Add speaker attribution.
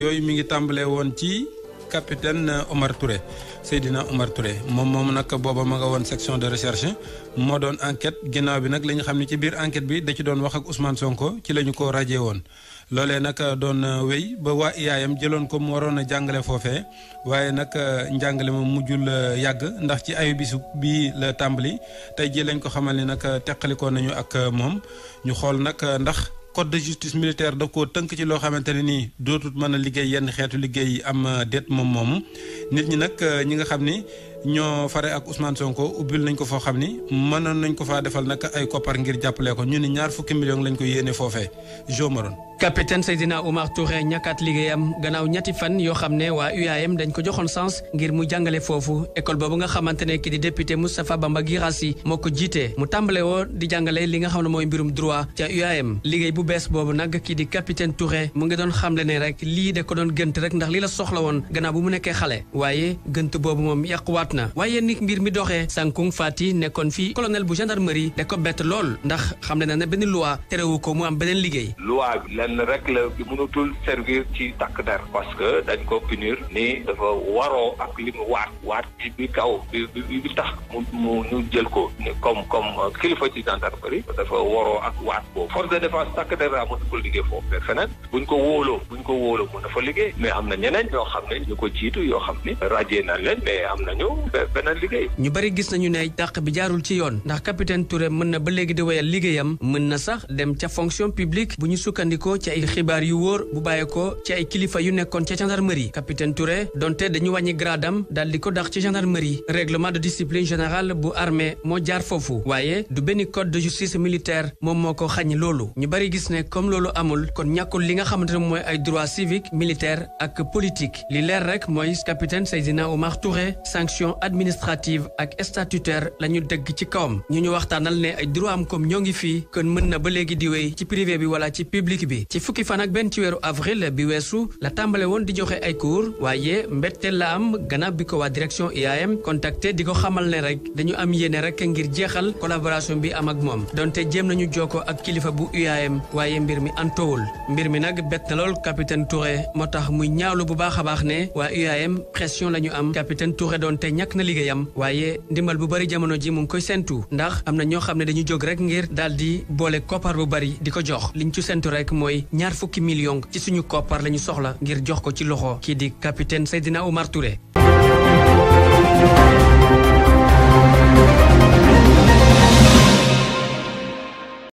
Speaker 1: yooyu mi ngi tàmbalee woon ci capitaine euh, Omar Touré Seydina Omar Touré moom moom nag booba ma nga woon section de recherche moo doon enquête ginnaaw bi nag la ñu xam ne ci biir enquête bi da ci doon wax ak Ousmane Sonko ci la ñu ko rajee woon. loolee nag euh, doon euh, wéy ba waa IAM jëloon ko mu waroon a jàngale foofee waaye nag njàngale moom mujjul yàgg ndax ci ayu bisu bii la tàmbali tey jii lañ ko xamal ni nag teqalikoo nañu ak moom ñu xool nag ndax. code de justice militaire daf ko tënk ci loo xamante ne nii dootut mën a liggéey yenn xeetu liggéey yi am déet moom moomu nit ñi nag euh, ñi nga xam ni ñoo fare ak Ousmane Sonko ubbil nañ ko foo xam ni mënoon nañ ko fa defal nag ay koppar ngir jàppale ko ñu ne ñaar fukki million lañ ko yéene foofee jomaron
Speaker 2: capitaine Seydina Oumar Touré ñàkkaat liggéeyam gannaaw ñetti fan yoo xam ne waa UAM dañ ko joxoon sens ngir mu jàngale foofu école boobu nga xamante ne ki di député Moustapha Bamba Guirassi moo ko jiite mu tàmbale woo di jàngale li nga xam ne mooy mbirum droit ca UAM liggéey bu bees boobu nag ki di capitaine Touré mu ngi doon xamle ne rek lii da ko doon gënt rek ndax lii la soxla woon gannaaw bu mu nekkee xale waaye gënt boobu jot na waaye ni mbir mi doxee Sankung Fati nekkoon fii colonel bu gendarmerie ne ko bett lool ndax xam ne na ne benn loi terewu ko mu am beneen liggéey loi bi
Speaker 3: lenn rek la mënatul servir ci takk der parce que dañ ko punir ni dafa waroo ak li mu waat waat ci bi kaw bi bi tax mu mu ñu jël ko comme comme euh, kilifa ci gendarmerie dafa waroo ak waat boobu force de défense takk der daa mënu ko liggéey foofu mais feneen buñ ko wóoloo buñ ko wóoloo mën dafa liggéey mais am na ñeneen ñoo xam ne ñu ko jiitu yoo xam ne rajee na leen mais am nañu beneen
Speaker 2: ñu bari gis nañu ne dàq bi jaarul ci yoon ndax capitaine Touré mën na ba léegi di wéyal liggéeyam mën na sax dem ca fonction publique bu ñu sukkandikoo ci ay xibaar yu wóor bu bàyyeekoo ci ay kilifa yu nekkoon ca gendarmerie capitaine Touré donte dañu wàññi gradam daal di ko dàq ci gendarmerie règlement de discipline générale bu armee moo jaar foofu waaye du benn code de justice militaire moom moo ko xañ loolu ñu bari gis ne comme loolu amul kon ñàkkul li nga xamante ne mooy ay droits civiques militaires ak politique li leer rek mooy capitaine Seydina révision administrative ak statutaire la ñu dëgg ci kawam ñu ñu waxtaanal ne ay droit am comme ñoo ngi fi kon mën na ba léegi di wéy ci privé bi wala ci public bi ci fukki fan ak benn ci weeru avril bi weesu la tàmbale woon di joxe ay cours waaye mbetteel la am gannaaw bi ko waa direction IAM contacté di ko xamal ne rek dañu am yéene rek ngir jeexal collaboration bi am ak moom donte jéem nañu jokkoo ak kilifa bu IAM waaye mbir mi antowul mbir mi nag bett na lool capitaine Touré moo tax muy ñaawlu bu baax a ñàkk na liggéeyam waaye ndimbal bu bari jamono ji mu koy sentu ndax am na ñoo xam ne dañuy jóg rek ngir daal di boole koppar bu bari di ko jox liñ ci sentu rek mooy ñaar fukki million ci suñu koppar lañu soxla ngir jox ko ci loxo kii di capitaine Seydina Oumar marture